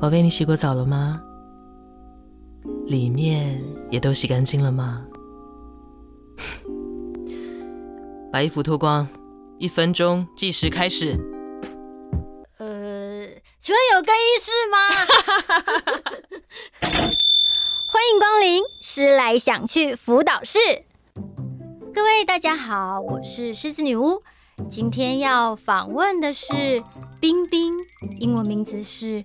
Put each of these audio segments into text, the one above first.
寶貝，你洗過澡了嗎？裡面也都洗乾淨了嗎？把 衣服脫光，一分鐘計時開始。呃，請問有更衣室嗎？ 歡迎光臨思來想去輔導室。各位大家好，我是獅子女屋，今天要訪問的是冰冰，英文名字是。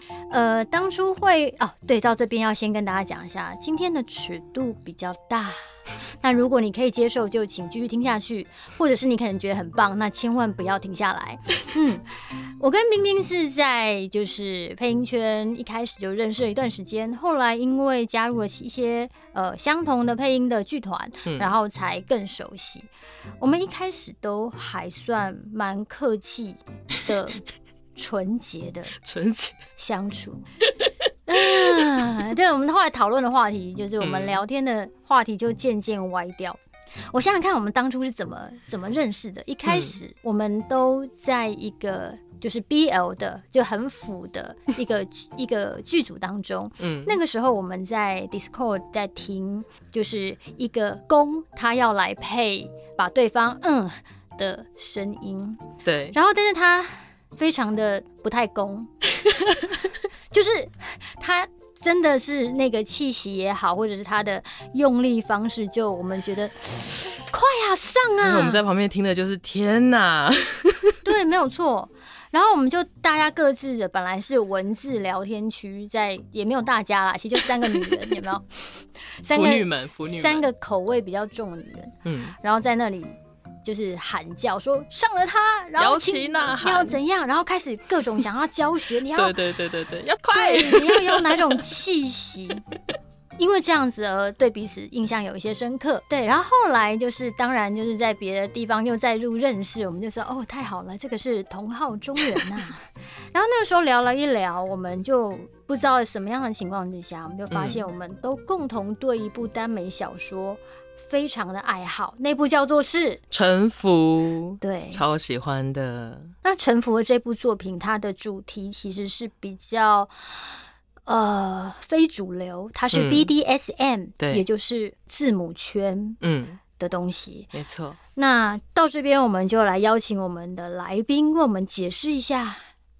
呃，當初會哦、啊，對，到這邊要先跟大家講一下，今天的尺度比較大。那如果你可以接受，就請繼續聽下去；或者是你可能覺得很棒，那千萬不要停下來。嗯，我跟冰冰是在就是配音圈一開始就認識了一段時間，後來因為加入了一些呃相同的配音的劇團，嗯、然後才更熟悉。我們一開始都還算蠻客氣的。純潔的純潔相處、 呃，對，我們後來討論的話題就是我們聊天的話題就漸漸歪掉。嗯、我想想看，我們當初是怎麼怎麼認識的？一開始我們都在一個就是 BL 的就很腐的一個、嗯、一個劇組當中。嗯，那個時候我們在 Discord 在聽，就是一個攻他要來配把對方嗯的聲音，對，然後但是他。非常的不太攻，就是他真的是那個氣息也好，或者是他的用力方式，就我們覺得快啊上啊！我們在旁邊聽的就是天哪，對，沒有錯。然後我們就大家各自的本來是文字聊天區，在也沒有大家啦，其實就三個女人，有沒有？三個女們，三個口味比較重的女人，嗯，然後在那裡。就是喊叫說上了他，然後要怎樣，然後開始各種想要教學，你要 對對對對要快，你要用哪種氣息， 因為這樣子而對彼此印象有一些深刻。對，然後後來就是當然就是在別的地方又再入認識，我們就說哦太好了，這個是同好中人吶、啊。 然後那個時候聊了一聊，我們就不知道什麼樣的情況之下，我們就發現我們都共同對一部耽美小說。嗯非常的愛好，那部叫做是《臣服》，對，超喜歡的。那《臣服》的這部作品，它的主題其實是比較呃非主流，它是 BDSM，嗯、也就是字母圈嗯的東西，嗯、沒錯。那到這邊，我們就來邀請我們的來賓，為我們解釋一下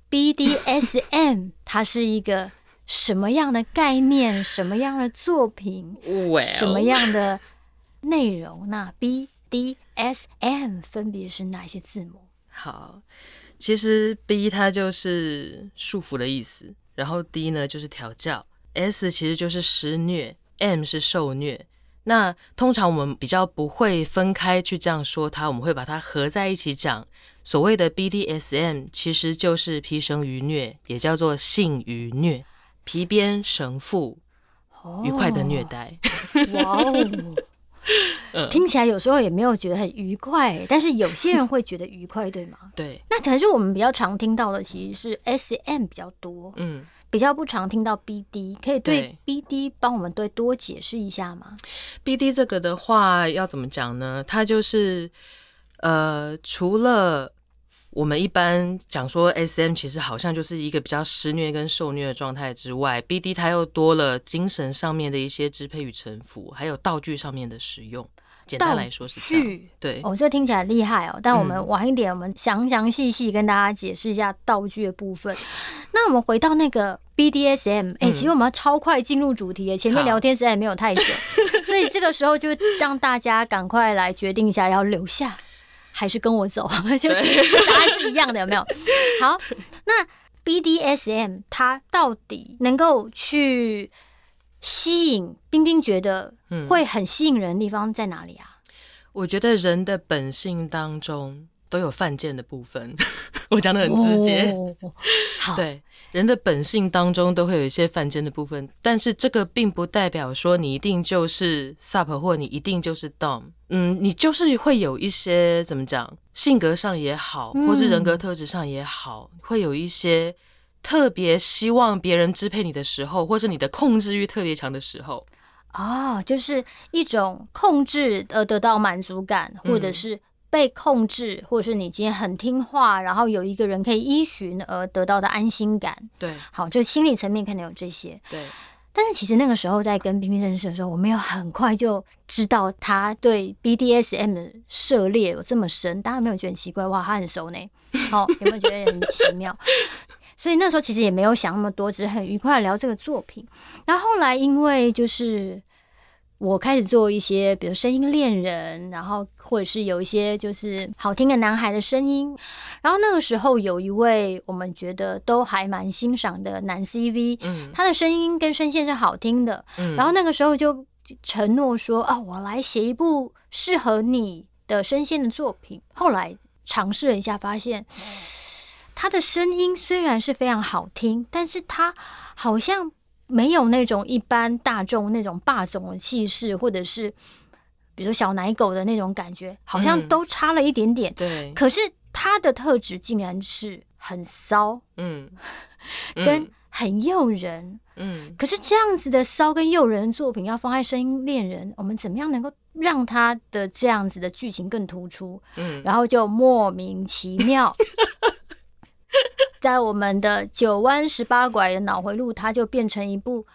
BDSM， 它是一個什麼樣的概念， 什麼樣的作品，well, 什麼樣的。內容，那 B D S M 分別是哪些字母？好，其實 B 它就是束縛的意思，然後 D 呢就是調教，S 其實就是施虐，M 是受虐。那通常我們比較不會分開去這樣說它，我們會把它合在一起講。所謂的 B D S M 其實就是皮繩愉虐，也叫做性愉虐、皮鞭繩縛、愉快的虐待。哇哦！ 聽起來有時候也沒有覺得很愉快，但是有些人會覺得愉快， 對嗎？對，那可能是我們比較常聽到的，其實是 S M 比較多，嗯，比較不常聽到 B D，可以對 B D 幫我們對多解釋一下嗎？B D 這個的話要怎麼講呢？它就是呃，除了。我們一般講說 S M，其實好像就是一個比較施虐跟受虐的狀態之外，B D 它又多了精神上面的一些支配與臣服，還有道具上面的使用。簡單來說是道具。對。哦，這聽起來厲害哦。但我們晚一點，我們詳詳細細跟大家解釋一下道具的部分。嗯、那我們回到那個 B D S M，哎，其實我們要超快進入主題，嗯、前面聊天實在也沒有太久，好 所以這個時候就讓大家趕快來決定一下要留下。還是跟我走， 就對 答案是一樣的， 有沒有？好，那 BDSM 它到底能夠去吸引，冰冰覺得會很吸引人的地方在哪裡啊？我覺得人的本性當中都有犯賤的部分， 我講的很直接。好，對，人的本性當中都會有一些犯賤的部分，但是這個並不代表說你一定就是 sub 或你一定就是 dom。嗯，你就是會有一些怎麼講，性格上也好，或是人格特質上也好，嗯、會有一些特別希望別人支配你的時候，或是你的控制欲特別強的時候。哦，就是一種控制而得到滿足感，或者是被控制，嗯哼，或者是你今天很聽話，然後有一個人可以依循而得到的安心感。對，好，就心理層面可能有這些。對。但是其實那個時候在跟冰冰認識的時候，我沒有很快就知道他對 BDSM 的涉獵有這麼深，大家沒有覺得很奇怪，哇，他很熟呢。好、哦，有沒有覺得很奇妙？ 所以那時候其實也沒有想那麼多，只是很愉快的聊這個作品。然後後來因為就是。我開始做一些，比如聲音戀人，然後或者是有一些就是好聽的男孩的聲音。然後那個時候有一位我們覺得都還蠻欣賞的男 CV，他的聲音跟聲線是好聽的。然後那個時候就承諾說，哦，啊，我來寫一部適合你的聲線的作品。後來嘗試了一下，發現他的聲音雖然是非常好聽，但是他好像，沒有那種一般大眾那種霸總的氣勢，或者是比如說小奶狗的那種感覺，好像都差了一點點。對，可是他的特質竟然是很騷，嗯，跟很誘人，可是這樣子的騷跟誘人作品要放在《聲音戀人》，我們怎麼樣能夠讓他的這樣子的劇情更突出？然後就莫名其妙。 在我們的九彎十八拐的腦回路，他就變成一部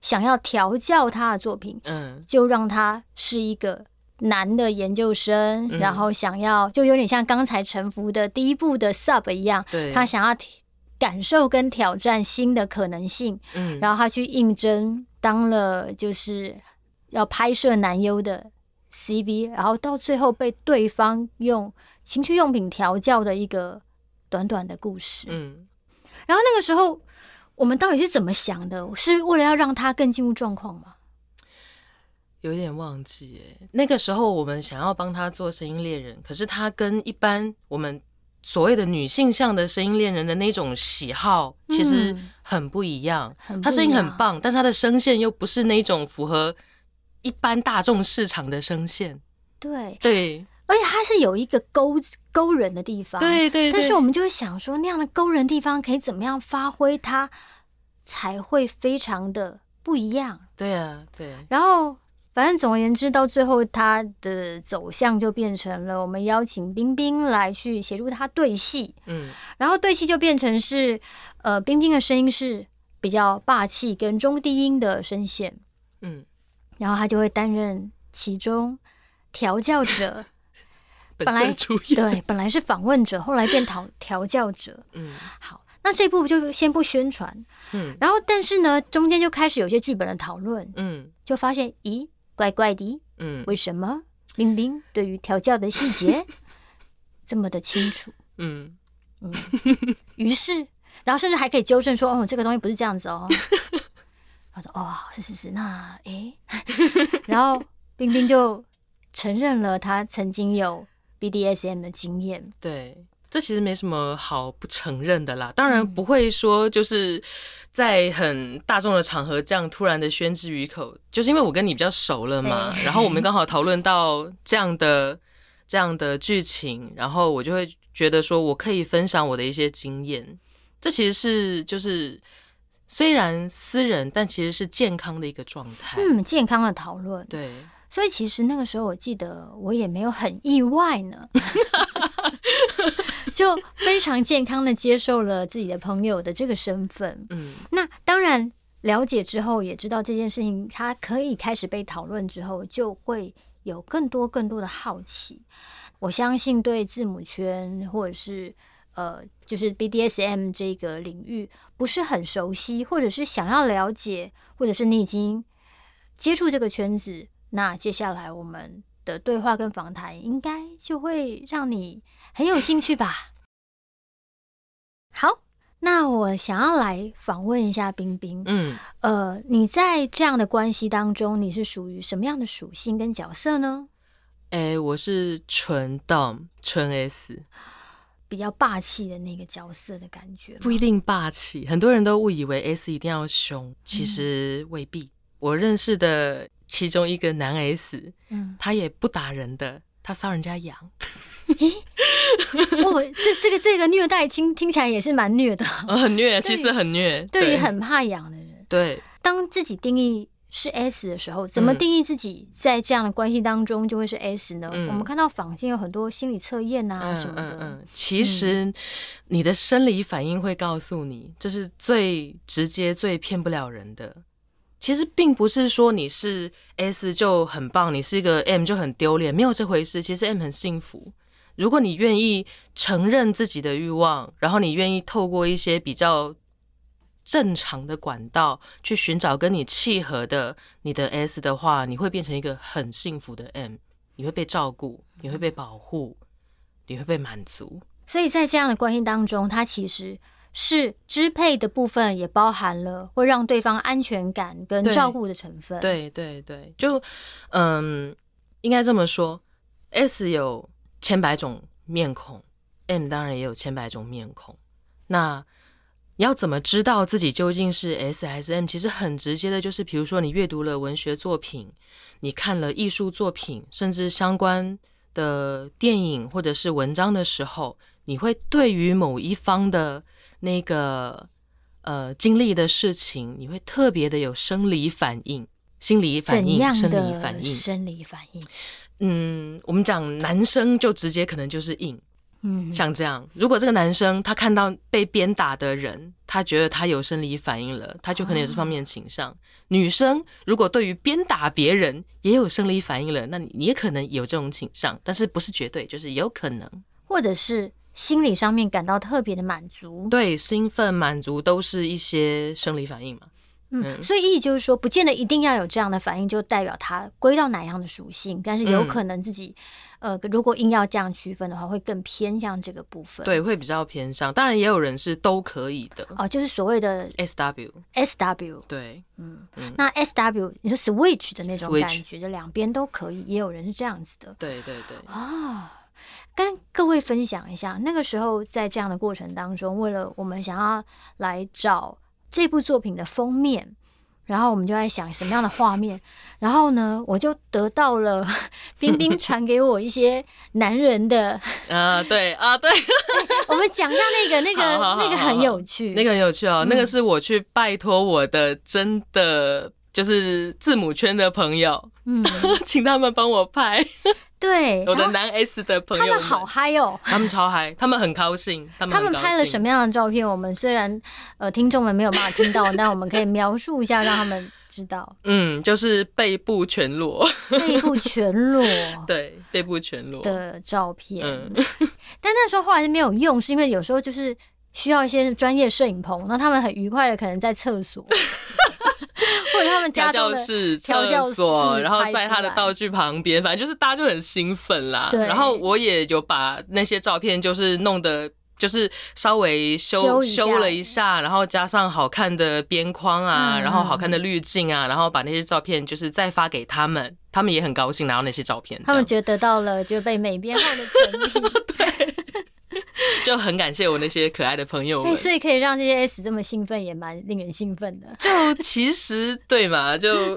想要調教他的作品，嗯，就讓他是一個男的研究生，嗯，然後想要就有點像剛才沉浮的第一部的 Sub 一樣，對，他想要感受跟挑戰新的可能性，嗯，然後他去應徵當了就是要拍攝男優的 CV，然後到最後被對方用情趣用品調教的一個。短短的故事，嗯，然後那個時候我們到底是怎麼想的？是為了要讓他更進入狀況嗎？有點忘記。那個時候我們想要幫他做聲音戀人，可是他跟一般我們所謂的女性向的聲音戀人的那種喜好其實很不一樣。嗯，很不一樣。他聲音很棒，但是他的聲線又不是那種符合一般大眾市場的聲線。對對。對而且它是有一個勾勾人的地方，對對對。但是我們就會想說，那樣的勾人的地方可以怎麼樣發揮它，才會非常的不一樣。對啊，對啊，然後反正總而言之，到最後它的走向就變成了我們邀請冰冰來去協助他對戲，嗯。然後對戲就變成是，呃，冰冰的聲音是比較霸氣跟中低音的聲線，嗯。然後他就會擔任其中調教者。 本來對，本來是訪問者，後來變調調教者。嗯，好，那這一步就先不宣傳。嗯，然後但是呢，中間就開始有些劇本的討論。嗯，就發現咦，怪怪的。嗯，為什麼冰冰對於調教的細節這麼的清楚？嗯嗯，於是，然後甚至還可以糾正說：“哦，這個東西不是這樣子哦。”他 說：“哦，是是是那，那、哎、誒。 ”然後冰冰就承認了，他曾經有。BDSM 的經驗，對，這其實沒什麼好不承認的啦。當然不會說就是在很大眾的場合這樣突然的宣之於口，就是因為我跟你比較熟了嘛，欸、然後我們剛好討論到這樣的 這樣的劇情，然後我就會覺得說我可以分享我的一些經驗。這其實是就是雖然私人，但其實是健康的一個狀態。嗯，健康的討論，對。所以其實那個時候，我記得我也沒有很意外呢， 就非常健康的接受了自己的朋友的這個身份。嗯，那當然了解之後，也知道這件事情，它可以開始被討論之後，就會有更多更多的好奇。我相信對字母圈或者是呃，就是 BDSM 這個領域不是很熟悉，或者是想要了解，或者是你已經接觸這個圈子，那接下來我們的對話跟訪談應該就會讓你很有興趣吧。 好，那我想要來訪問一下冰冰，嗯，呃，你在這樣的關係當中，你是屬於什麼樣的屬性跟角色呢？哎、欸，我是純 Dom，純 S。比較霸氣的那個角色的感覺，不一定霸氣。很多人都誤以為 S 一定要兇，其實未必。嗯、我認識的。其中一個男 S，, S,、嗯、 他也不打人的，他騷人家癢。咦，哇、哦，這這個這個虐待聽聽起來也是蠻虐的。呃、哦，很虐， 其實很虐。對於於對很怕癢的人，對，當自己定義是 S 的時候，怎麼定義自己在這樣的關係當中就會是 S 呢？ 嗯、 我們看到坊間有很多心理測驗啊什麼的嗯嗯。嗯。其實你的生理反應會告訴你，嗯、這是最直接、最騙不了人的。其實並不是說你是 S 就很棒，你是一個 M 就很丟臉，沒有這回事。其實 M 很幸福，如果你願意承認自己的欲望，然後你願意透過一些比較正常的管道去尋找跟你契合的你的 S 的話，你會變成一個很幸福的 M，你會被照顧，你會被保護，你會被滿足。所以在這樣的關係當中，他其實……是支配的部分，也包含了會讓對方安全感跟照顧的成分。對對對，對，就嗯，應該這麼說，S 有千百種面孔，M 當然也有千百種面孔。那你要怎麼知道自己究竟是 S 還是 M？其實很直接的，就是比如說你閱讀了文學作品，你看了藝術作品，甚至相關的電影或者是文章的時候，你會對於某一方的。那個，呃，經歷的事情，你會特別的有生理反應、心理反應、樣生理反應、生理反應。嗯，我們講男生就直接可能就是硬，嗯哼，像這樣。如果這個男生他看到被鞭打的人，他覺得他有生理反應了，他就可能有這方面的傾向。啊、女生如果對於鞭打別人也有生理反應了，那你，你也可能有這種傾向，但是不是絕對，就是有可能，或者是。心理上面感到特別的滿足，對，興奮、滿足都是一些生理反應嘛。嗯，嗯，所以意義就是說，不見得一定要有這樣的反應，就代表它歸到哪樣的屬性。但是有可能自己，嗯、呃，如果硬要這樣區分的話，會更偏向這個部分。對，會比較偏向。當然，也有人是都可以的。哦，就是所謂的 S W，S W。對，嗯，那 S W，你說 switch 的那種感覺，就兩邊都可以。也有人是這樣子的。對，對對對。哦跟各位分享一下，那個時候在這樣的過程當中，為了我們想要來找這部作品的封面，然後我們就在想什麼樣的畫面， 然後呢，我就得到了冰冰傳給我一些男人的啊、 呃，對啊，對， 我們講一下那個那個好好好，那個很有趣，好好好，那個很有趣哦，嗯、那個是我去拜託我的真的。就是字母圈的朋友，嗯， 請他們幫我拍。 對，我的男 S 的朋友們好嗨哦！他們、哦、 他們超嗨，他們很高興。他們拍了什麼樣的照片？我們雖然呃聽眾們沒有辦法聽到， 但我們可以描述一下，讓他們知道。嗯，就是背部全裸，背部全裸， 對，背部全裸的照片。嗯、 但那時候後來是沒有用，是因為有時候就是需要一些專業攝影棚，那他們很愉快的可能在廁所。 或者他們家教室、廁所，然後在他的道具旁邊，反正就是大家就很興奮啦。對然後我也有把那些照片，就是弄得就是稍微修修，修了一下，然後加上好看的邊框啊，嗯、然後好看的濾鏡啊，然後把那些照片就是再發給他們，他們也很高興拿到那些照片。他們覺得得到了就被美編號的成品。對。就很感謝我那些可愛的朋友們，所以可以讓這些 S 這麼興奮，也蠻令人興奮的。就其實對嘛，就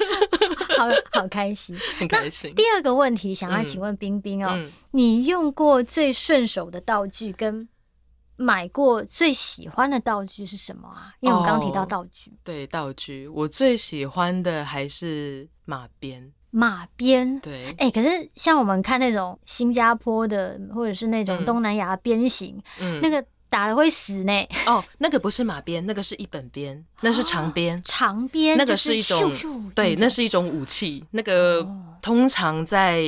好好開心，很開心。第二個問題、嗯、想要請問冰冰哦，嗯、你用過最順手的道具跟買過最喜歡的道具是什麼啊？因為我剛剛提到道具，哦、對道具，我最喜歡的還是馬鞭。馬鞭對，哎、欸，可是像我們看那種新加坡的，或者是那種東南亞鞭刑，嗯嗯、那個打了會死呢。哦，那個不是馬鞭，那個是一本鞭，那是長鞭。哦、長鞭那個是一種，是數數一種對，那是一種武器。那個通常在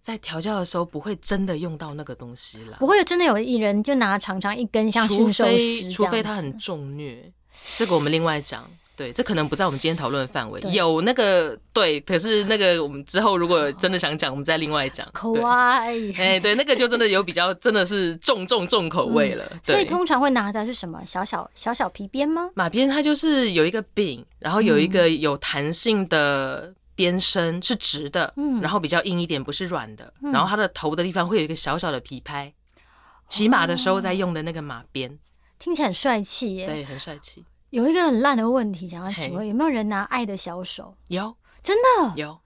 在調教的時候不會真的用到那個東西了。不會真的有一人就拿長長一根像馴獸師這樣子。除非，除非他很重虐，這個我們另外講。對，這可能不在我們今天討論的範圍。對有那個對，可是那個我們之後如果真的想講，哦、我們再另外講。可愛愛，哎、欸，對，那個就真的有比較，真的是重重重口味了。嗯、對所以通常會拿的是什麼？小小小小皮鞭嗎？馬鞭它就是有一個柄，然後有一個有彈性的鞭身，嗯、是直的，嗯，然後比較硬一點，不是軟的。嗯、然後它的頭的地方會有一個小小的皮拍，騎、嗯、馬的時候在用的那個馬鞭，聽起來很帥氣耶。對，很帥氣。有一個很爛的問題，想要請問有沒有人拿《愛的小手》？有，真的有。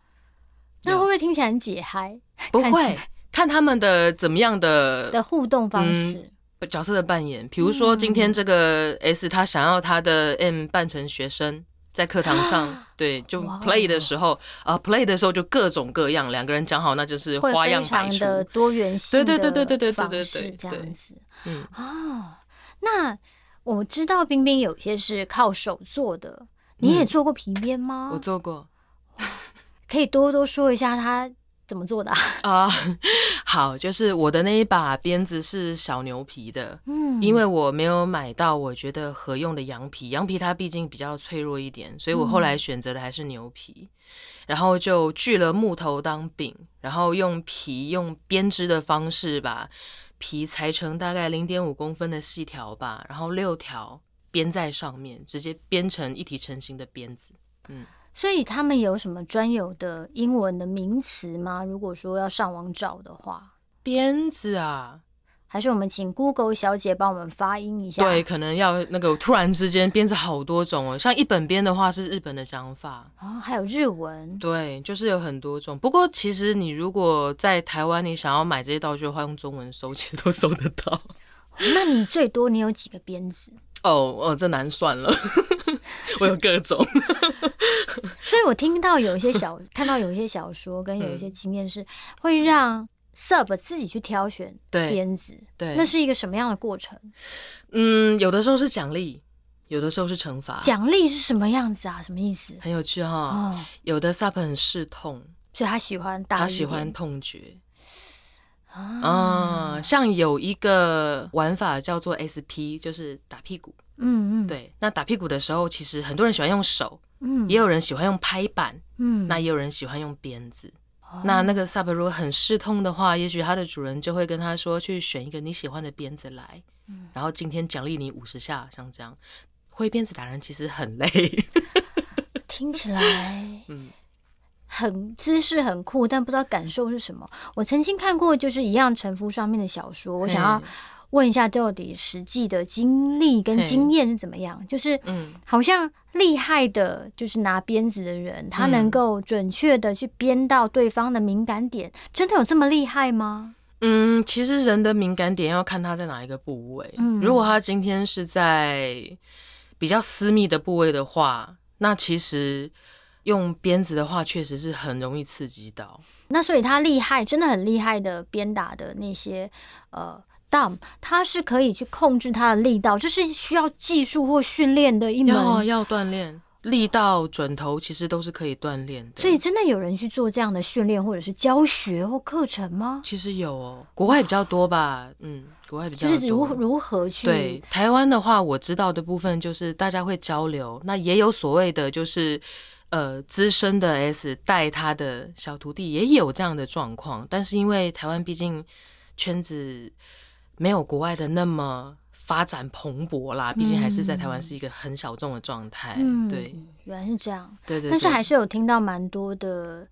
那會不會聽起來很解嗨？不會，看他們的怎麼樣的的互動方式、角色的扮演。比如說今天這個 S，他想要他的 M 扮成學生，在課堂上對，就 play 的時候啊，play 的時候就各種各樣，兩個人講好那就是花樣百出的多元性。對對對對對對對對對，這樣子。嗯啊，那。我知道冰冰有些是靠手做的，嗯、你也做過皮鞭嗎？我做過， 可以多多說一下他怎麼做的啊。Uh, 好,就是我的那一把鞭子是小牛皮的，嗯,因為我沒有買到我覺得合用的羊皮，羊皮它畢竟比較脆弱一點，所以我後來選擇的還是牛皮，嗯、然後就鋸了木頭當柄，然後用皮用編織的方式把。皮裁成大概零點五公分的細條吧，然後六條編在上面，直接編成一體成型的鞭子。嗯，所以他們有什麼專有的英文的名詞嗎？如果說要上網找的話，鞭子啊。還是我們請 Google 小姐幫我們發音一下。對，可能要那個突然之間編出好多種哦，像一本鞭的話是日本的想法哦，還有日文。對，就是有很多種。不過其實你如果在台灣，你想要買這些道具的話，用中文搜其實都搜得到。那你最多你有幾個鞭子？哦哦，這難算了， 我有各種。 所以我聽到有一些小， 看到有一些小說跟有一些經驗是會讓。Sub 自己去挑選鞭子，對，對，那是一個什麼樣的過程？嗯，有的時候是獎勵，有的時候是懲罰。獎勵是什麼樣子啊？什麼意思？很有趣哈，哦。嗯、有的 Sub 很嗜痛，所以他喜歡打，他喜歡痛覺啊。啊、嗯，像有一個玩法叫做 SP，就是打屁股。嗯嗯，嗯對。那打屁股的時候，其實很多人喜歡用手，嗯，也有人喜歡用拍板，嗯，那也有人喜歡用鞭子。那那個 sub、oh. 如果很嗜痛的話，也許他的主人就會跟他說：“去選一個你喜歡的鞭子來，嗯、然後今天獎勵你五十下。”像這樣，揮鞭子打人其實很累。 聽起來，嗯，很姿勢很酷，但不知道感受是什麼。嗯、我曾經看過，就是《一樣臣服》上面的小說， 我想要。問一下，到底實際的經歷跟經驗是怎麼樣？嘿就是，嗯，好像厲害的，就是拿鞭子的人，嗯，他能夠準確的去鞭到對方的敏感點，真的有這麼厲害嗎？嗯，其實人的敏感點要看他在哪一個部位。嗯，如果他今天是在比較私密的部位的話，那其實用鞭子的話，確實是很容易刺激到。那所以他厲害，真的很厲害的鞭打的那些，呃。他是可以去控制他的力道，這是需要技術或訓練的一門。要要鍛鍊力道、準頭，其實都是可以鍛鍊的。所以，真的有人去做這樣的訓練，或者是教學或課程嗎？其實有哦，國外比較多吧。哇嗯，國外比較多。就是如如何去？對台灣的話，我知道的部分就是大家會交流，那也有所謂的，就是呃，資深的 S 帶他的小徒弟，也有這樣的狀況。但是因為台灣畢竟圈子，沒有國外的那麼發展蓬勃啦，嗯、畢竟還是在台灣是一個很小眾的狀態。嗯、對，原來是這樣。對，對對。但是還是有聽到蠻多的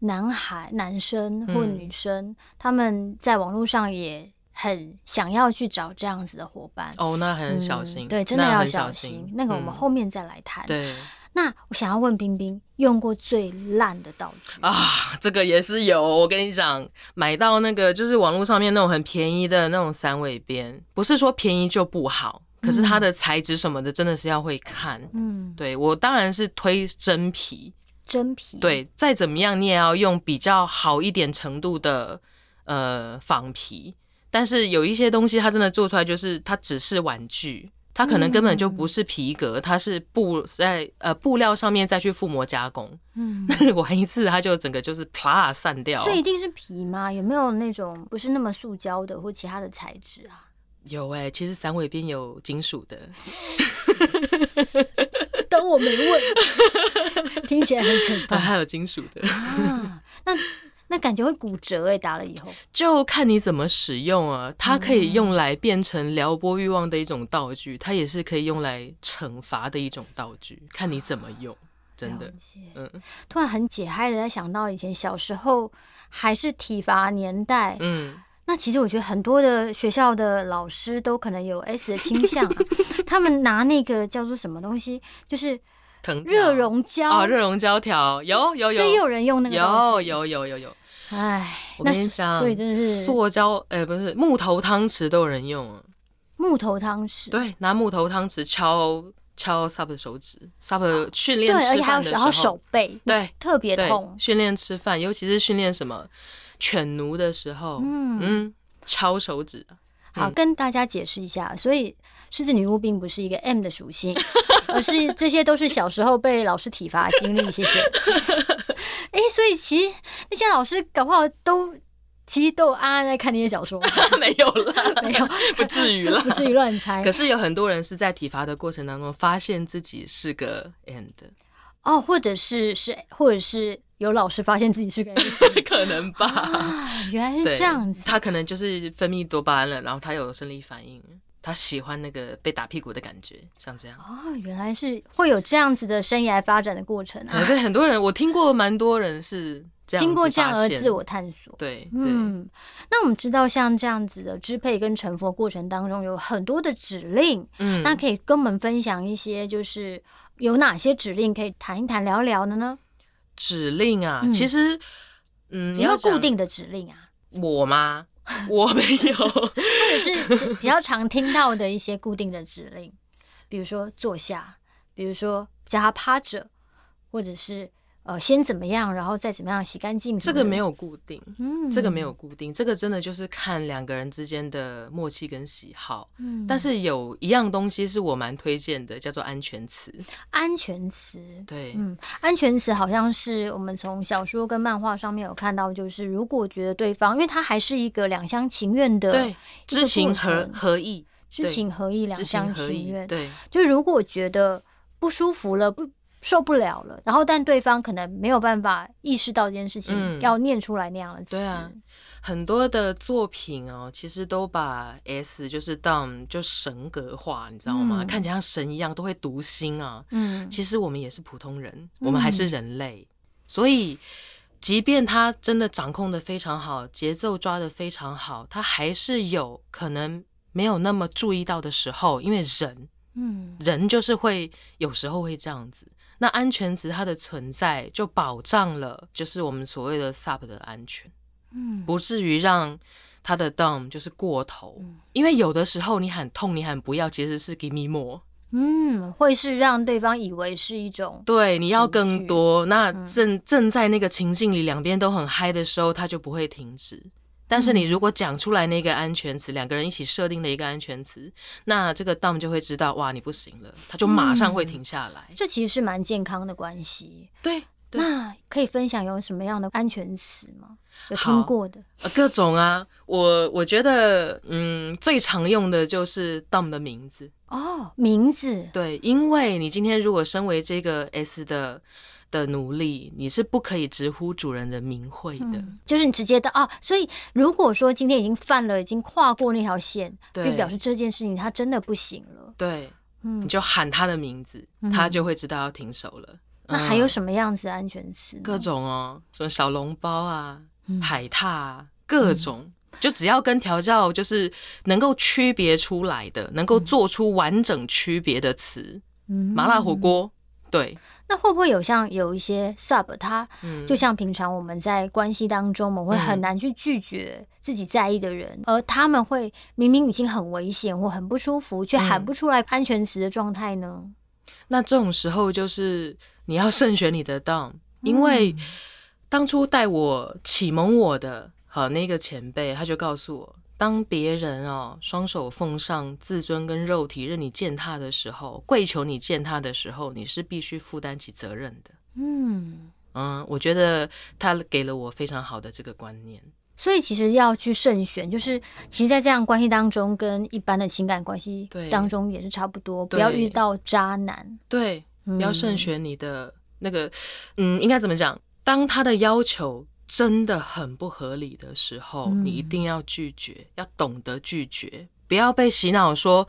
男孩，男生或女生，嗯、他們在網絡上也很想要去找這樣子的夥伴。哦，那很小心，嗯、對，真的要小心。那很小心那個我們後面再來談。嗯、對。那我想要問冰冰，用過最爛的道具？啊，這個也是有。我跟你講，買到那個就是網絡上面那種很便宜的那種三尾鞭，不是說便宜就不好，嗯，可是它的材質什麼的真的是要會看。嗯，對，我當然是推真皮。真皮。對，再怎麼樣你也要用比較好一點程度的呃仿皮，但是有一些東西它真的做出來就是它只是玩具。它可能根本就不是皮革，嗯、它是布在呃布料上面再去覆膜加工。嗯，玩 一次它就整個就是啪散掉。所以一定是皮嗎？有沒有那種不是那麼塑膠的或其他的材質啊？有哎、欸，其實散尾鞭有金屬的。 等我沒問， 聽起來很可怕。啊、還有金屬的 啊？那。那感覺會骨折哎、欸，打了以後就看你怎麼使用啊。它可以用來變成撩撥慾望的一種道具，它也是可以用來懲罰的一種道具，看你怎麼用。啊、真的，了解，嗯，突然很解嗨的在想到以前小時候還是體罰年代，嗯，那其實我覺得很多的學校的老師都可能有 S 的傾向、啊， 他們拿那個叫做什麼東西，就是。熱熔膠啊，熱熔膠條有有有，所以又有人用那？有有有有有，哎，那所以真的是塑膠哎，不是木頭湯匙都有人用啊。木頭湯匙，對，拿木頭湯匙敲敲 sub 的手指，sub 訓練吃飯的時候，手背對特別痛。訓練吃飯，尤其是訓練什麼犬奴的時候，嗯嗯，敲手指。好、啊，跟大家解釋一下，所以獅子女巫並不是一個 M 的屬性， 而是這些都是小時候被老師體罰經歷。謝謝。哎、欸，所以其實那些老師搞不好都其實都暗暗在看那些小說， 沒有了啦， 沒有，不至於了， 不至於亂猜。可是有很多人是在體罰的過程當中發現自己是個 m n d 哦，或者是是，或者是。有老師發現自己是個 S 可能吧。哦，原來是這樣子。他可能就是分泌多巴胺了，然後他有生理反應，他喜歡那個被打屁股的感覺，像這樣。哦。原來是會有這樣子的生涯發展的過程啊！對，對，很多人我聽過，蠻多人是這樣子經過這樣而自我探索。對，對嗯。那我們知道，像這樣子的支配跟臣服過程當中，有很多的指令。嗯。那可以跟我們分享一些，就是有哪些指令可以談一談、聊一聊的呢？指令啊，其實，嗯，有沒有固定的指令啊，我嗎？我沒有， 或者是比較常聽到的一些固定的指令，比如說坐下，比如說叫他趴着，或者是。呃，先怎麼樣，然後再怎麼樣，洗乾淨。這個沒有固定，嗯，這個沒有固定，這個真的就是看兩個人之間的默契跟喜好。嗯，但是有一樣東西是我蠻推薦的，叫做安全詞。安全詞，對，嗯，安全詞好像是我們從小說跟漫畫上面有看到，就是如果覺得對方，因為他還是一個兩廂情願的，對，知情合合意，知情合意，對，兩廂情願，對，就如果覺得不舒服了，不。受不了了，然後但對方可能沒有辦法意識到這件事情，要念出來那樣的詞。嗯、對啊，很多的作品哦，其實都把 S 就是當就神格化，你知道嗎？嗯、看起來像神一樣，都會讀心啊。嗯，其實我們也是普通人，我們還是人類，嗯、所以即便他真的掌控得非常好，節奏抓得非常好，他還是有可能沒有那麼注意到的時候，因為人，嗯，人就是會有時候會這樣子。那安全詞它的存在就保障了，就是我們所謂的 “sub” 的安全，嗯、不至於讓它的 “dom” 就是過頭，嗯、因為有的時候你喊痛，你喊不要，其實是 “give me more”，嗯，會是讓對方以為是一種對你要更多。那正正在那個情境裡，兩邊都很嗨的時候，他就不會停止。但是你如果講出來那個安全詞，嗯、兩個人一起設定了一個安全詞，那這個 Dom 就會知道，哇，你不行了，他就馬上會停下來。嗯、這其實是蠻健康的關係。對，對。那可以分享有什麼樣的安全詞嗎？有聽過的？呃，各種啊，我我覺得，嗯，最常用的就是 Dom 的名字。哦，名字。對，因為你今天如果身為這個 S 的，的努力，你是不可以直呼主人的名諱的，就是你直接的啊。所以如果說今天已經犯了，已經跨過那條線，並表示這件事情他真的不行了。對，嗯，你就喊他的名字，他就會知道要停手了。那還有什麼樣子的安全詞？各種哦，什麼小籠包啊、海獺啊，各種就只要跟調教就是能夠區別出來的，能夠做出完整區別的詞，麻辣火鍋，對。那會不會有像有一些 sub，他、嗯、就像平常我們在關係當中，我們會很難去拒絕自己在意的人，嗯、而他們會明明已經很危險或很不舒服，卻喊不出來安全詞的狀態呢？那這種時候就是你要慎選你的 Dom，嗯，因為當初帶我啟蒙我的好那個前輩，他就告訴我。當別人哦雙手奉上自尊跟肉體任你踐踏的時候，跪求你踐踏的時候，你是必須負擔起責任的。嗯嗯，我覺得他給了我非常好的這個觀念。所以其實要去慎選，就是其實，在這樣關係當中，跟一般的情感關係當中也是差不多，對不要遇到渣男。對，嗯、要慎選你的那個，嗯，應該怎麼講？當他的要求。真的很不合理的時候，嗯，你一定要拒絕，要懂得拒絕，不要被洗腦。說，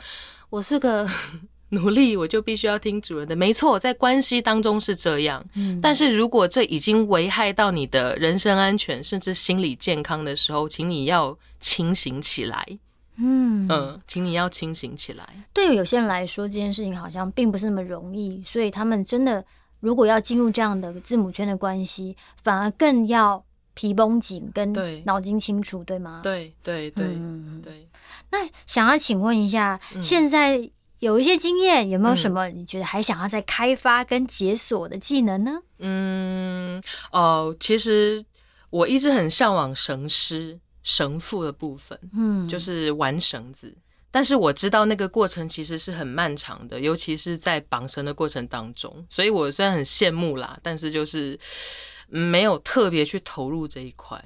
我是個 奴隸，我就必須要聽主人的。沒錯，在關係當中是這樣。嗯，但是如果這已經危害到你的人身安全，甚至心理健康的時候，請你要清醒起來。嗯嗯，請你要清醒起來。對於有些人來說，這件事情好像並不是那麼容易，所以他們真的如果要進入這樣的字母圈的關係，反而更要。皮繃緊跟腦筋清楚，對,對嗎？對對對對。那想要請問一下，嗯、現在有一些經驗，有沒有什麼你覺得還想要再開發跟解鎖的技能呢？嗯，哦，其實我一直很向往繩師、繩縛的部分，嗯，就是玩繩子。但是我知道那個過程其實是很漫長的，尤其是在綁繩的過程當中。所以我雖然很羨慕啦，但是就是。沒有特別去投入這一塊，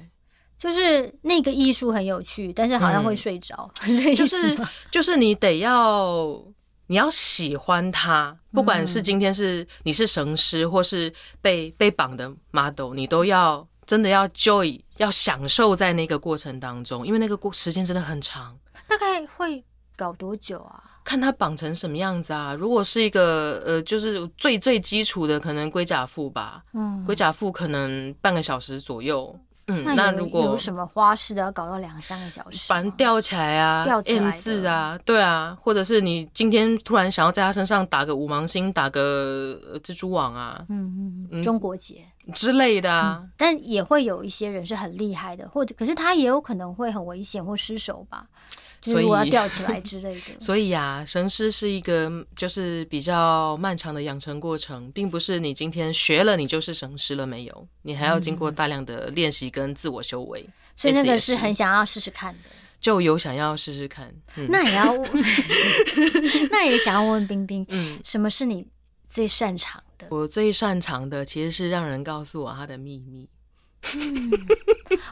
就是那個藝術很有趣，但是好像會睡着。嗯、 就是就是你得要，你要喜歡它，不管是今天是、嗯、你是繩師，或是被被綁的 model，你都要真的要 joy，要享受在那個過程當中，因為那個過時間真的很長，大概會。搞多久啊？看他綁成什麼樣子啊！如果是一個呃，就是最最基礎的，可能龜甲縛吧。嗯，龜甲縛可能半個小時左右。嗯，那有，那如果有什麼花式的，要搞到兩三個小時。反正吊起來啊，吊起來，M 字啊，對啊，或者是你今天突然想要在他身上打個五芒星，打個蜘蛛網啊，嗯嗯，嗯中國結之類的啊，嗯。但也會有一些人是很厲害的，或者可是他也有可能會很危險或失手吧。所以，所以呀、啊 啊，繩師是一個就是比較漫長的養成過程，並不是你今天學了你就是繩師了沒有，你還要經過大量的練習跟自我修為。嗯、SS，所以那個是很想要試試看的，就有想要試試看。嗯、那也要， 那也想要問冰冰，嗯，什麼是你最擅長的？我最擅長的其實是讓人告訴我他的秘密。 嗯，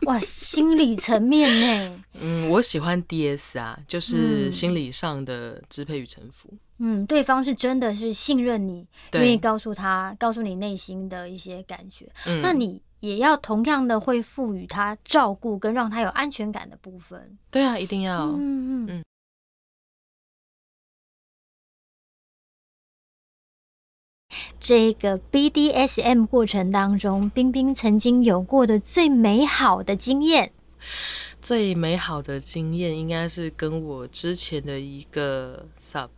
哇，心理層面呢？ 嗯，我喜歡 DS 啊，就是心理上的支配與臣服。嗯，對方是真的是信任你，願對意，告訴他，告訴你內心的一些感覺。嗯，那你也要同樣的會賦予他照顧跟讓他有安全感的部分。對啊，一定要。嗯嗯。嗯嗯這個 BDSM 過程當中，冰冰曾經有過的最美好的經驗？最美好的經驗應該是跟我之前的一個 Sub，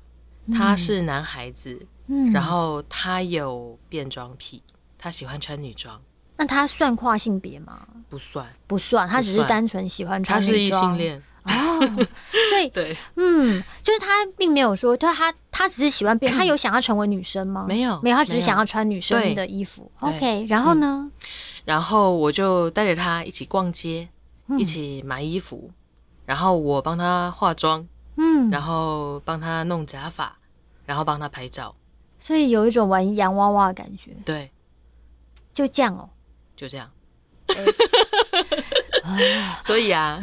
嗯，他是男孩子，嗯，然後他有變裝癖，他喜歡穿女裝，那他算跨性別嗎？不算，不算，他只是單純喜歡穿女裝，他是異性戀。哦，所以對，嗯，就是他並沒有說他他他只是喜歡別人，他有想要成為女生嗎？沒有，沒有，他只是想要穿女生的衣服。OK，然後呢？然後我就帶着他一起逛街，一起買衣服，然後我幫他化妝，嗯，然後幫他弄假髮，然後幫他拍照，所以有一種玩洋娃娃的感覺。對，就這樣哦，就這樣。 所以啊，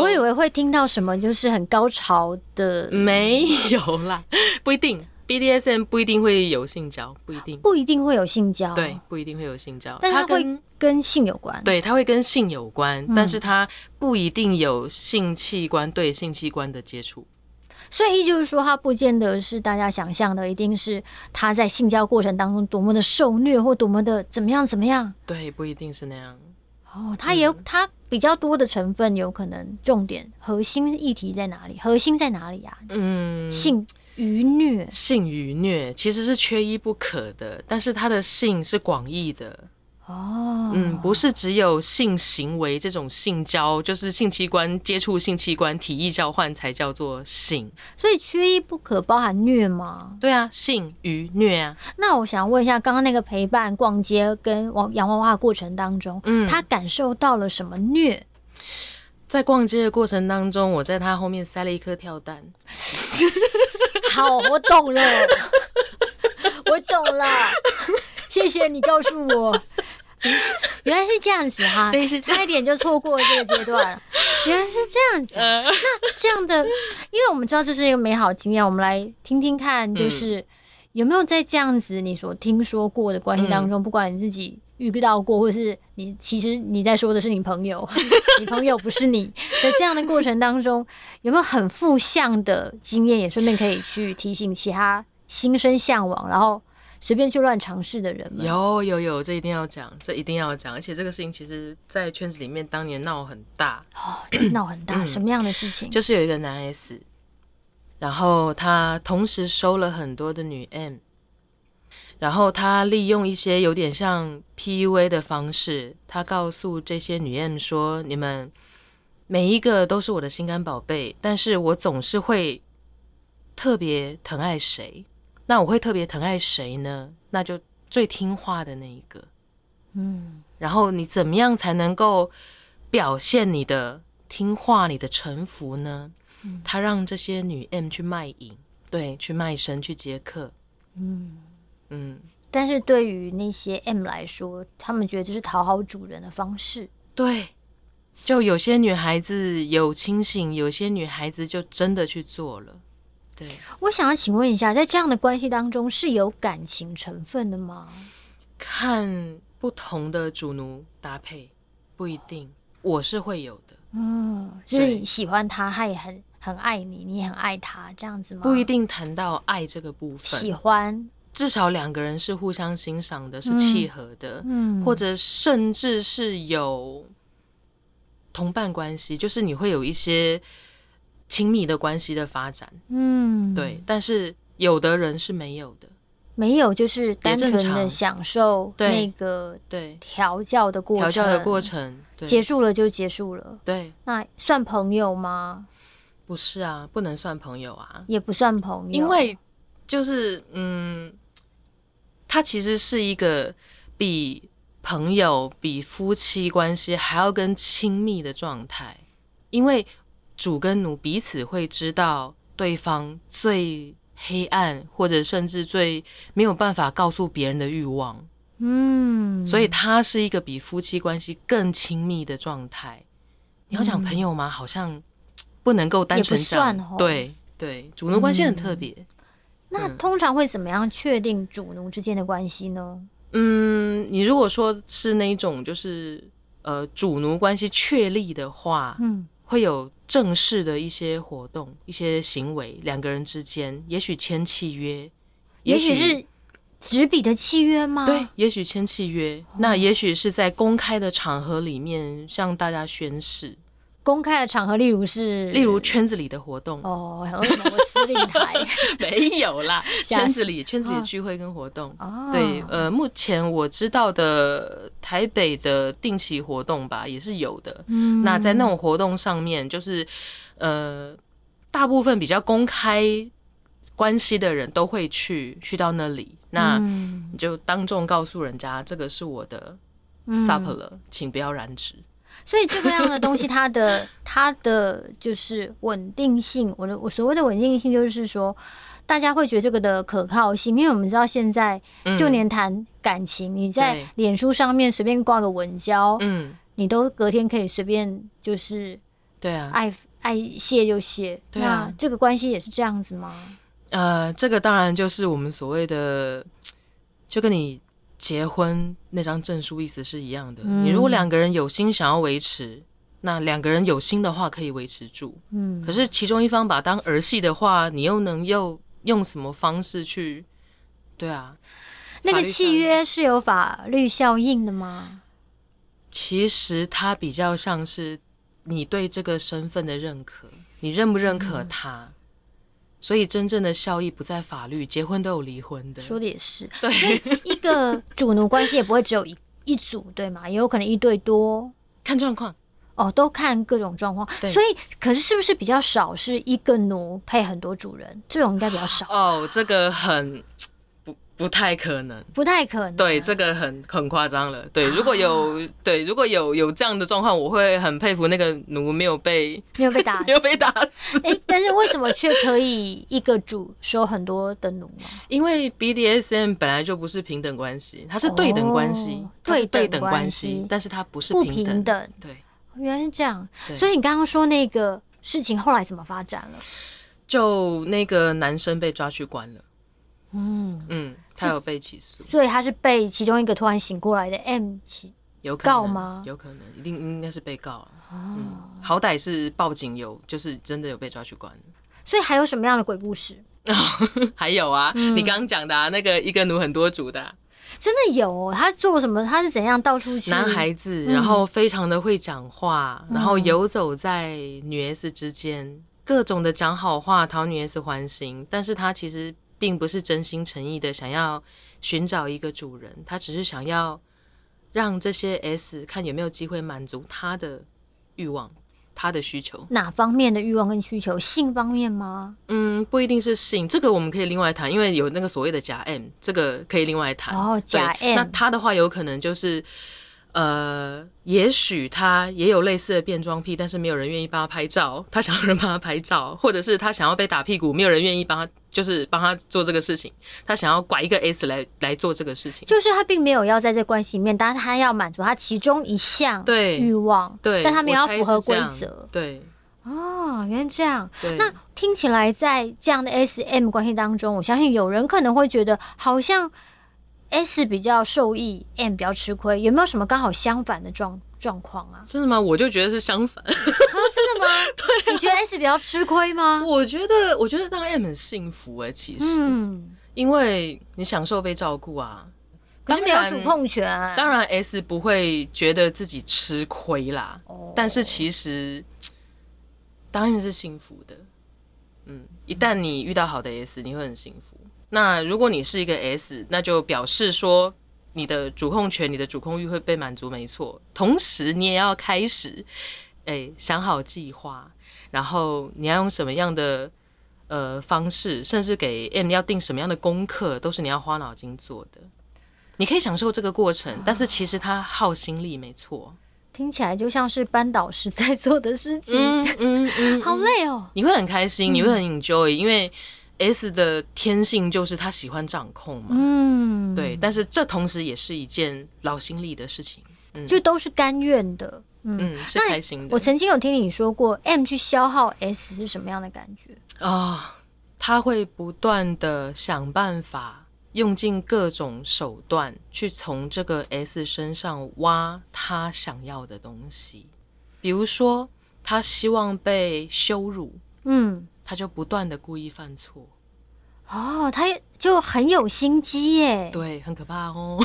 我以為會聽到什麼就是很高潮的，沒有啦。不一定，BDSM 不一定會有性交，不一定，不一定會有性交，對，不一定會有性交。但它，跟，它會跟性有關，對，它會跟性有關，嗯，但是它不一定有性器官對性器官的接觸。所以，也就是說，它不見得是大家想象的，一定是他在性交過程當中多麼的受虐或多麼的怎麼樣怎麼樣。對，不一定是那樣。哦，它有，它、嗯、比較多的成分，有可能重點核心議題在哪裡？核心在哪裡啊？嗯，性愉虐，性愉虐其實是缺一不可的，但是它的性是廣義的。哦，嗯，不是只有性行為這種性交，就是性器官接觸、性器官體液交換才叫做性，所以缺一不可，包含虐嗎？對啊，性與虐啊。那我想問一下，剛剛那個陪伴逛街跟玩洋娃娃的過程當中，嗯，他感受到了什麼虐？在逛街的過程當中，我在他後面塞了一顆跳蛋。 好，我懂了， 我懂了， 謝謝你告訴我。原來是這樣子哈，子差一點就錯過了這個階段。 原來是這樣子，那這樣的，因為我們知道這是一個美好經驗，我們來聽聽看，就是有沒有在這樣子你所聽說過的關係當中，嗯、不管你自己遇到過，或是你其實你在說的是你朋友， 你朋友不是你，在這樣的過程當中，有沒有很負向的經驗，也順便可以去提醒其他心生向往，然後。隨便去亂嘗試的人嗎？有有有，這一定要講，這一定要講。而且這個事情其實，在圈子裡面當年鬧很大，哦、 鬧很大。嗯、什麼樣的事情？就是有一個男 S，然後他同時收了很多的女 M，然後他利用一些有點像 PUA 的方式，他告訴這些女 M 說：“你們每一個都是我的心肝寶貝，但是我總是會特別疼愛誰。”那我會特別疼愛誰呢？那就最聽話的那一個，嗯。然後你怎麼樣才能夠表現你的聽話、你的臣服呢？嗯，他讓這些女 M 去賣淫，對，去賣身，去接客，嗯嗯。嗯，但是對於那些 M 來說，他們覺得這是討好主人的方式。對，就有些女孩子有清醒，有些女孩子就真的去做了。對我想要請問一下，在這樣的關係當中是有感情成分的嗎？看不同的主奴搭配，不一定，我是會有的。嗯，就是對喜歡他，他也很很愛你，你也很愛他，這樣子嗎？不一定談到愛這個部分，喜歡至少兩個人是互相欣賞的，是契合的，嗯，或者甚至是有同伴關係，就是你會有一些。親密的關係的發展，嗯，對，但是有的人是沒有的，沒有就是單純的享受那個對調教的過程，調教的過程，對，結束了就結束了，對，那算朋友嗎？不是啊，不能算朋友啊，也不算朋友，因為就是嗯，他其實是一個比朋友、比夫妻關係還要更親密的狀態，因為。主跟奴彼此會知道對方最黑暗，或者甚至最沒有辦法告訴別人的欲望。嗯，所以他是一個比夫妻關係更親密的狀態。嗯、你要講朋友嗎？好像不能夠單純算齁。對對，主奴關係很特別。嗯嗯、那通常會怎麼樣確定主奴之間的關係呢？嗯，你如果說是那種，就是呃，主奴關係確立的話，嗯。會有正式的一些活動、一些行為，兩個人之間也許簽契約，也許，也許是紙筆的契約嗎？對，也許簽契約，哦，那也許是在公開的場合裡面向大家宣誓。公開的場合，例如是例如圈子裡的活動哦，什麼我司令台 沒有啦？ 圈子裡圈子裡的聚會跟活動，啊、對，呃，目前我知道的台北的定期活動吧，也是有的。嗯、那在那種活動上面，就是呃，大部分比較公開關係的人都會去去到那裡，那你就當眾告訴人家，這個是我的 supper，、嗯、請不要染指。所以這個樣的東西，它的 它的就是穩定性，我的我所謂的穩定性，就是說大家會覺得這個的可靠性，因為我們知道現在，就連談感情，嗯、你在臉書上面隨便掛個穩交，嗯對，你都隔天可以隨便就是愛，對啊，愛愛謝就謝，對啊，那這個關係也是這樣子嗎？呃，這個當然就是我們所謂的，就跟你。結婚那張證書意思是一樣的。你如果兩個人有心想要維持，嗯、那兩個人有心的話可以維持住。嗯，可是其中一方把當兒戲的話，你又能又用什麼方式去？對啊，那個契約是有法律效應的嗎？其實它比較像是你對這個身份的認可，你認不認可他？嗯所以真正的效益不在法律，結婚都有離婚的。說的也是，對所以一個主奴關係也不會只有一一組， 對嗎？也有可能一對多，看狀況。哦，都看各種狀況。對所以，可是是不是比較少是一個奴配很多主人？這種應該比較少哦。這個很。不太可能，不太可能。對，這個很很誇張了。對，如果有、啊、對，如果有有這樣的狀況，我會很佩服那個奴沒有被沒有被打沒有被打死。哎、 欸，但是為什麼卻可以一個主收很多的奴呢？ 因為 BDSM 本來就不是平等關係，它是對等關係，對、哦、對等關係，但是它不是平不平等。對，原來是這樣。對所以你剛剛說那個事情後來怎麼發展了？就那個男生被抓去關了。嗯嗯，他有被起訴，所以他是被其中一個突然醒過來的 M 起有告嗎？有可能，一定應該是被告了，啊哦嗯。好歹是報警有，就是真的有被抓去關。所以還有什麼樣的鬼故事？哦，呵呵還有啊，嗯、你剛剛講的、啊、那個一個奴很多主的，啊，真的有，哦、他做什麼？他是怎樣到處去？男孩子，然後非常的會講話，嗯、然後游走在女 S 之間，嗯、各種的講好話討女 S 歡心，但是他其實。並不是真心誠意的想要尋找一個主人，他只是想要讓這些 S 看有沒有機會滿足他的欲望，他的需求。哪方面的欲望跟需求？性方面嗎？嗯，不一定是性，這個我們可以另外談，因為有那個所謂的假 M，這個可以另外談。哦，假 M，對，那他的話有可能就是。呃，也許他也有類似的變裝癖，但是沒有人願意幫他拍照。他想要人幫他拍照，或者是他想要被打屁股，沒有人願意幫他，就是幫他做這個事情。他想要拐一個 S 來來做這個事情，就是他並沒有要在這關係裡面，但是他要滿足他其中一項慾望。對，對，但他們也要符合規則。對，哦，原來這樣。對，那聽起來在這樣的 SM 關係當中，我相信有人可能會覺得好像。S, S 比較受益，M 比較吃虧，有沒有什麼剛好相反的狀狀況啊？真的嗎？我就覺得是相反。真的嗎？你覺得 S 比較吃虧嗎？我覺得，我覺得當然 M 很幸福誒、欸，其實，嗯，因為你享受被照顧啊，可是沒有主控權，欸。當然，當然，S 不會覺得自己吃虧啦，哦，但是其實，當然是幸福的。嗯，一旦你遇到好的 S，你會很幸福。那如果你是一個 S，那就表示說你的主控權、你的主控欲會被滿足，沒錯。同時，你也要開始，哎、欸，想好計劃，然後你要用什麼樣的呃方式，甚至給 M 要定什麼樣的功課，都是你要花腦筋做的。你可以享受這個過程，啊、但是其實它耗心力沒，沒錯。聽起來就像是班導師在做的事情，嗯嗯，嗯嗯好累哦。你會很開心，你會很 enjoy，、嗯、因為。S, S 的天性就是他喜歡掌控嘛，嗯，對，但是這同時也是一件勞心力的事情，嗯，就都是甘願的，嗯，嗯，是開心的。我曾經有聽你說過，M 去消耗 S 是什麼樣的感覺啊？Oh, 他會不斷的想辦法，用盡各種手段去從這個 S 身上挖他想要的東西，比如說他希望被羞辱，嗯。他就不斷的故意犯錯，哦，他就很有心機耶，對，很可怕哦。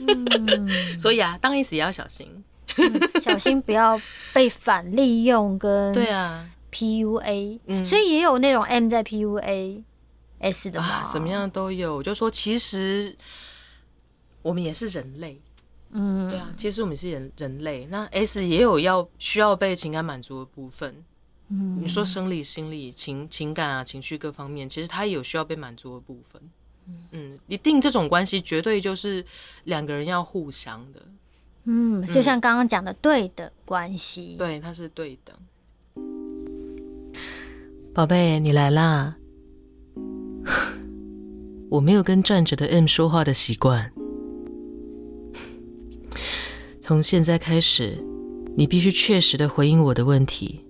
嗯、所以啊，當 S 也要小心、 嗯，小心不要被反利用跟 PUA 對啊 PUA，所以也有那種 M 在 PUAS 的嘛，什、嗯啊、麼樣都有。就說其實我們也是人類，嗯，對啊，其實我們是人人類，那 S 也有要需要被情感滿足的部分。嗯，你說生理、心理、情情感啊、情緒各方面，其實他也有需要被滿足的部分。嗯，一定這種關係絕對就是兩個人要互相的。嗯，就像剛剛講的，對的關係、嗯。對，它是對的。寶貝，你來啦！ 我沒有跟站着的 M 說話的習慣。 從現在開始，你必須確實地回應我的問題。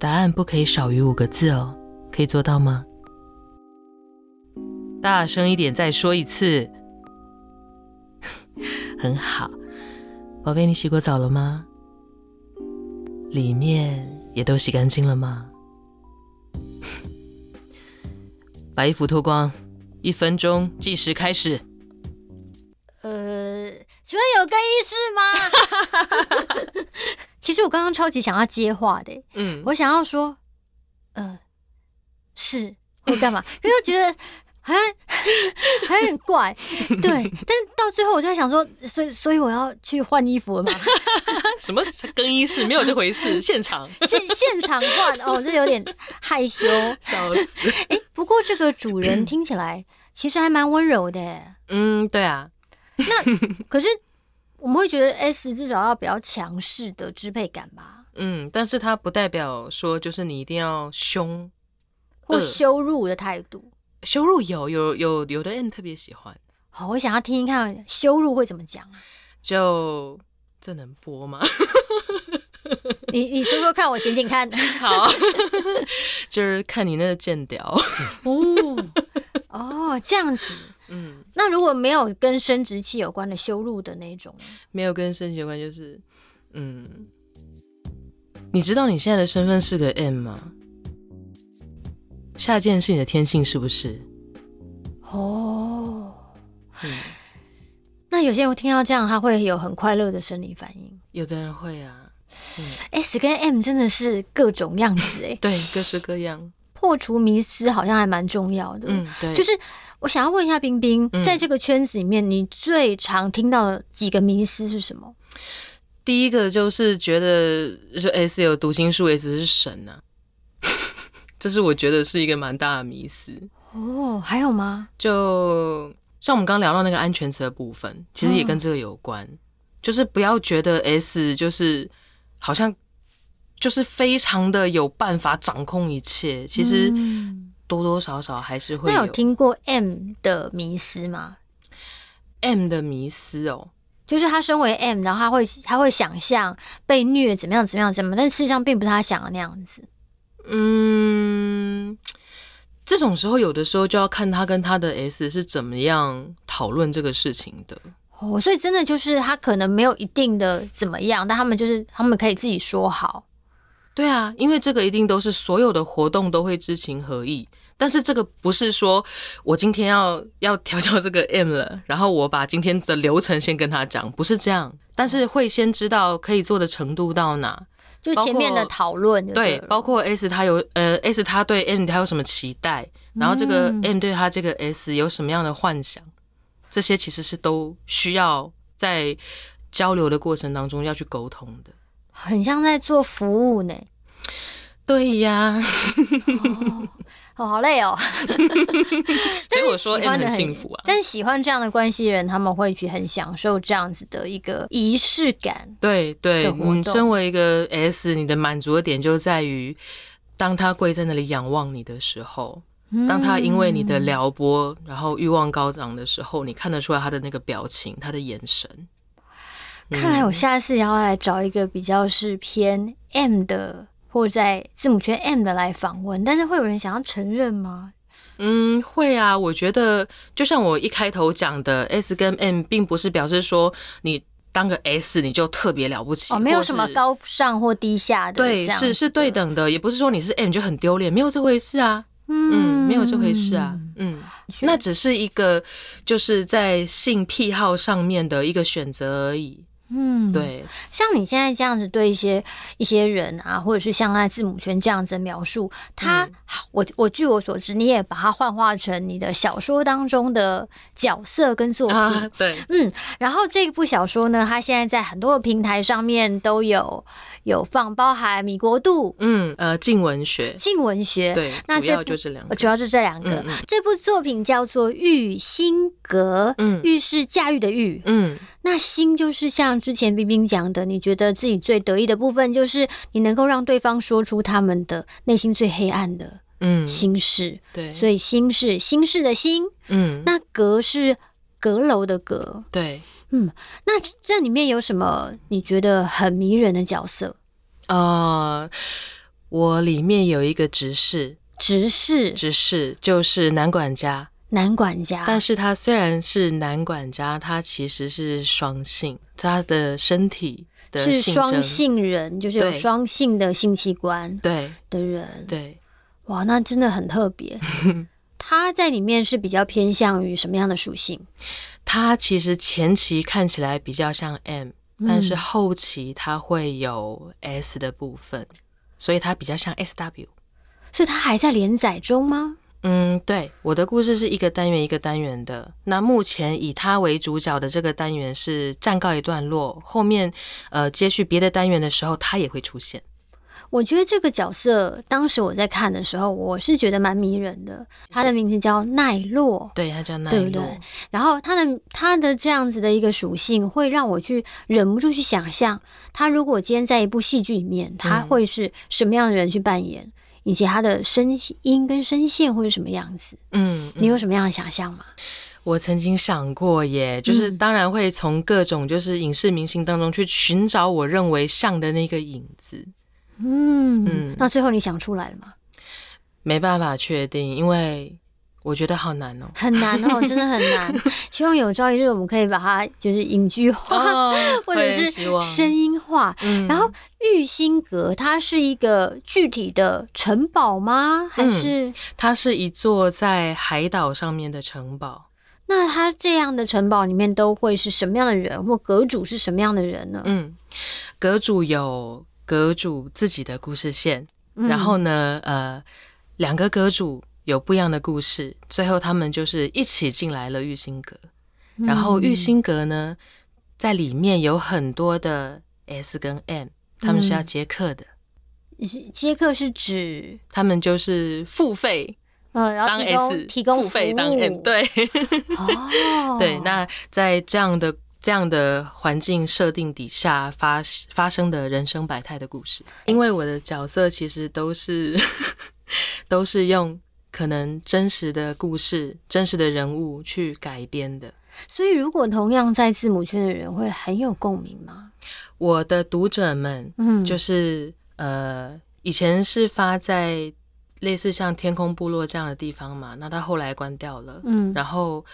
答案不可以少於五個字哦，可以做到嗎？大聲一點，再說一次。 很好，寶貝，你洗過澡了嗎？裡面也都洗乾淨了嗎？把 衣服脫光，一分鐘計時開始。呃，請問有更衣室嗎？ 其實我剛剛超級想要接話的、欸，嗯，我想要說，呃，是或幹嘛？ 可是我覺得好像，好像有點怪，對。但是到最後，我就在想說，所以所以我要去換衣服了嗎？ 什麼更衣室？沒有這回事，現場 現現場換哦，這有點害羞，笑死。哎，不過這個主人聽起來其實還蠻溫柔的、欸。嗯，對啊。 那可是。我們會覺得 S 至少要比較強勢的支配感吧。嗯，但是它不代表說就是你一定要凶或羞辱的態度。羞辱有有有有的 M 特別喜歡。好，我想要聽一看羞辱會怎麼講啊？就這能播嗎？ 你你說說看，我聽聽看。好， 就是看你那個賤屌。哦、嗯、哦，這樣子。嗯，那如果沒有跟生殖器有關的羞辱的那種，沒有跟生殖器有關，就是，嗯，你知道你現在的身份是個 M 嗎？下賤是你的天性是不是？哦，oh, 嗯，那有些人聽到這樣，他會有很快樂的生理反應，有的人會啊、嗯、是，S 跟 M 真的是各種樣子哎、欸， 對，各式各樣。破除迷思好像還蠻重要的，嗯，對，就是我想要問一下冰冰，嗯、在這個圈子裡面，你最常聽到的幾個迷思是什麼？第一個就是覺得就 S 有讀心術，S 是神呢、啊， 這是我覺得是一個蠻大的迷思哦。還有嗎？就像我們剛聊到那個安全詞的部分，其實也跟這個有關，嗯、就是不要覺得 S 就是好像。就是非常的有辦法掌控一切，其實多多少少還是會、嗯。那有聽過 M 的迷思嗎？M 的迷思哦，就是他身為 M 然後他會他會想象被虐怎麼樣怎麼樣怎麼樣，但事實上並不是他想的那樣子。嗯，這種時候有的時候就要看他跟他的 S 是怎麼樣討論這個事情的。哦，所以真的就是他可能沒有一定的怎麼樣，但他們就是他們可以自己說好。對啊，因為這個一定都是所有的活動都會知情合意，但是這個不是說我今天要要調教這個 M 了，然後我把今天的流程先跟他講，不是這樣，但是會先知道可以做的程度到哪，就前面的討論。對，對，包括 S 他有呃 S 他對 M 他有什麼期待，然後這個 M 對他這個 S 有什麼樣的幻想，嗯，這些其實是都需要在交流的過程當中要去溝通的。很像在做服務呢，對呀，好好累哦。 所以我說，哎，很幸福啊。但是喜歡這樣的關係人，他們會去很享受這樣子的一個儀式感。對對，你身為一個 S，嗯，你的滿足的點就在於，當他跪在那裡仰望你的時候，當他因為你的撩撥，然後欲望高漲的時候，你看得出來他的那個表情，他的眼神。看來我下次也要來找一個比較是偏 M 的，或在字母圈 M 的來訪問。但是會有人想要承認嗎？嗯，會啊。我覺得就像我一開頭講的，S 跟 M 並不是表示說你當個 S 你就特別了不起，哦，沒有什麼高上或低下的，的。對，是是對等的，也不是說你是 M 就很丟臉，沒有這回事啊。嗯，嗯，沒有這回事啊。嗯，嗯對 那只是一個就是在性癖好上面的一個選擇而已。嗯，對，像你現在這樣子對一些一些人啊，或者是像那字母圈這樣子的描述他，嗯、我我據我所知，你也把它幻化成你的小說當中的角色跟作品，啊、對，嗯，然後這部小說呢，它現在在很多的平台上面都有有放，包含米國度，嗯，呃，鏡文學，鏡文學，對，那主要那這就是兩個，主要是這兩個，嗯嗯、這部作品叫做《馭心閣》，嗯，馭是駕馭的馭，嗯。嗯那心就是像之前冰冰講的，你覺得自己最得意的部分就是你能夠讓對方說出他們的內心最黑暗的心事。嗯、對，所以心是心事的心，嗯。那閣是閣樓的閣，對，嗯。那這裡面有什麼你覺得很迷人的角色？啊、呃，我裡面有一個執事，執事，執事就是男管家。男管家，但是他雖然是男管家，他其實是雙性，他的身體的是雙性人，對就是有雙性的性器官，對的人，對，對哇，那真的很特別。 他在裡面是比較偏向於什麼樣的屬性？他其實前期看起來比較像 M，嗯、但是後期他會有 S 的部分，所以他比較像 SW。所以，他還在連載中嗎？嗯，對，我的故事是一個單元一個單元的。那目前以他為主角的這個單元是暫告一段落，後面呃接續別的單元的時候，他也會出現。我覺得這個角色當時我在看的時候，我是覺得蠻迷人的。他的名字叫奈落，對，他叫奈落，然後他的他的這樣子的一個屬性，會讓我去忍不住去想象，他如果今天在一部戲劇裡面，他會是什麼樣的人去扮演。嗯以及他的聲音跟聲線會是什麼樣子？嗯，嗯，你有什麼樣的想象嗎？我曾經想過耶，就是當然會從各種就是影視明星當中去尋找我認為像的那個影子。嗯，嗯，那最後你想出來了嗎？沒辦法確定，因為。我覺得好難哦，很難哦，真的很難。 希望有朝一日我們可以把它就是影劇化，oh, 或者是聲音化。嗯、然後馭心閣它是一個具體的城堡嗎？還是、嗯、它是一座在海島上面的城堡？那它這樣的城堡裡面都會是什麼樣的人？或閣主是什麼樣的人呢？嗯，閣主有閣主自己的故事線。嗯、然後呢，呃，兩個閣主。有不一樣的故事，最後他們就是一起進來了馭心閣。嗯、然後馭心閣呢，在裡面有很多的 S 跟 M，S、嗯、 他們是要接客的，接客是指他們就是付費，呃，然後提供付費，當 M，對，哦， 對，那在這樣的這樣的環境設定底下发發生的人生百態的故事，因為我的角色其實都是 都是用。可能真實的故事、真實的人物去改編的，所以如果同樣在字母圈的人會很有共鳴嗎？我的讀者們、就是，嗯，就是呃，以前是發在類似像天空部落這樣的地方嘛，那他後來關掉了，嗯，然後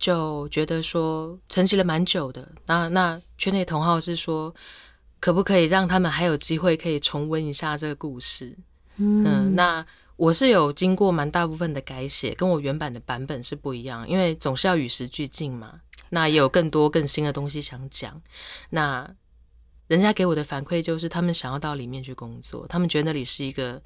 就覺得說沉寂了蠻久的，那那圈內同好是說，可不可以讓他們還有機會可以重溫一下這個故事？嗯，嗯，那。我是有經過蠻大部分的改寫，跟我原版的版本是不一樣，因為總是要與時俱進嘛，那也有更多更新的東西想講。那人家給我的反饋就是，他們想要到裡面去工作，他們覺得那裡是一個。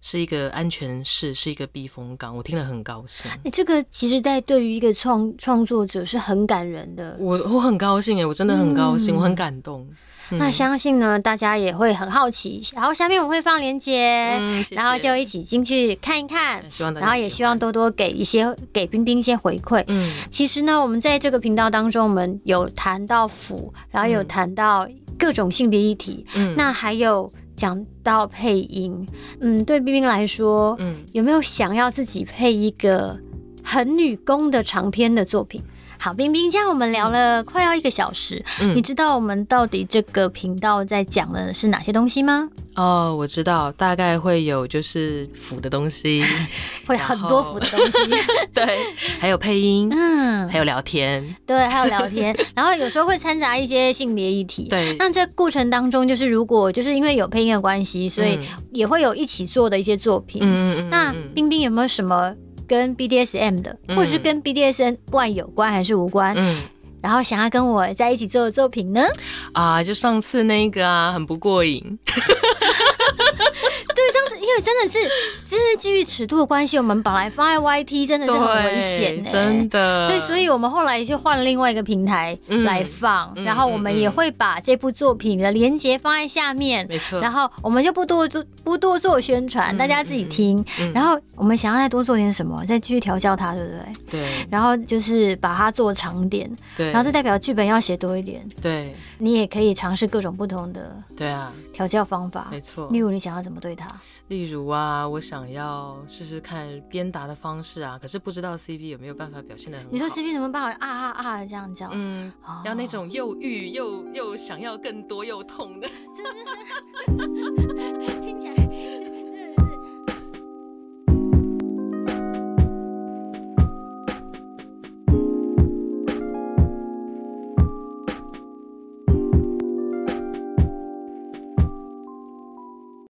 是一個安全室，是一個避風港，我聽了很高興。哎、欸，這個其實在對於一個創創作者是很感人的。我我很高興哎，我真的很高興，嗯、我很感動。嗯、那相信呢，大家也會很好奇。然後下面我們會放鏈接，嗯、謝謝，然後就一起進去看一看。希望大家，然後也希望多多給一些給冰冰一些回饋。嗯，其實呢，我們在這個頻道當中，我們有談到腐，然後有談到各種性別議題，嗯，那還有。講到配音，嗯，對冰冰來說，嗯，有沒有想要自己配一個很女攻的長篇的作品？好，冰冰，今天我們聊了快要一個小時。嗯，你知道我們到底這個頻道在講的是哪些東西嗎？哦，我知道，大概會有就是腐的東西， 會很多腐的東西。 對，還有配音，嗯，還有聊天，對，還有聊天， 然後有時候會摻雜一些性別議題。對，那這過程當中，就是如果就是因為有配音的關係，所以也會有一起做的一些作品。嗯嗯。那冰冰、嗯嗯嗯、有沒有什麼？跟 BDSM 的，或者是跟 BDSM 不管、嗯、有關還是無關？嗯、然後想要跟我在一起做的作品呢？啊，就上次那一個啊，很不過癮。 因為真的是，真是基於尺度的關係，我們本來放在 YT 真的是很危險，欸，真的。對，所以我們後來就換了另外一個平台來放，嗯、然後我們也會把這部作品的連結放在下面，沒錯。然後我們就不多做，不多做宣傳，嗯、大家自己聽。嗯嗯嗯、然後我們想要再多做點什麼，再繼續調教它，對不對？對。然後就是把它做長點，對。然後這代表劇本要寫多一點，對。你也可以嘗試各種不同的，對啊。調教方法沒錯錯，例如你想要怎麼對他？例如啊，我想要試試看鞭打的方式啊，可是不知道 C V 有沒有辦法表現得很好？你說 C V 怎麼辦法啊啊啊！這樣叫。嗯，要、嗯、那種、嗯、又欲又又想要更多又痛的， 聽起來。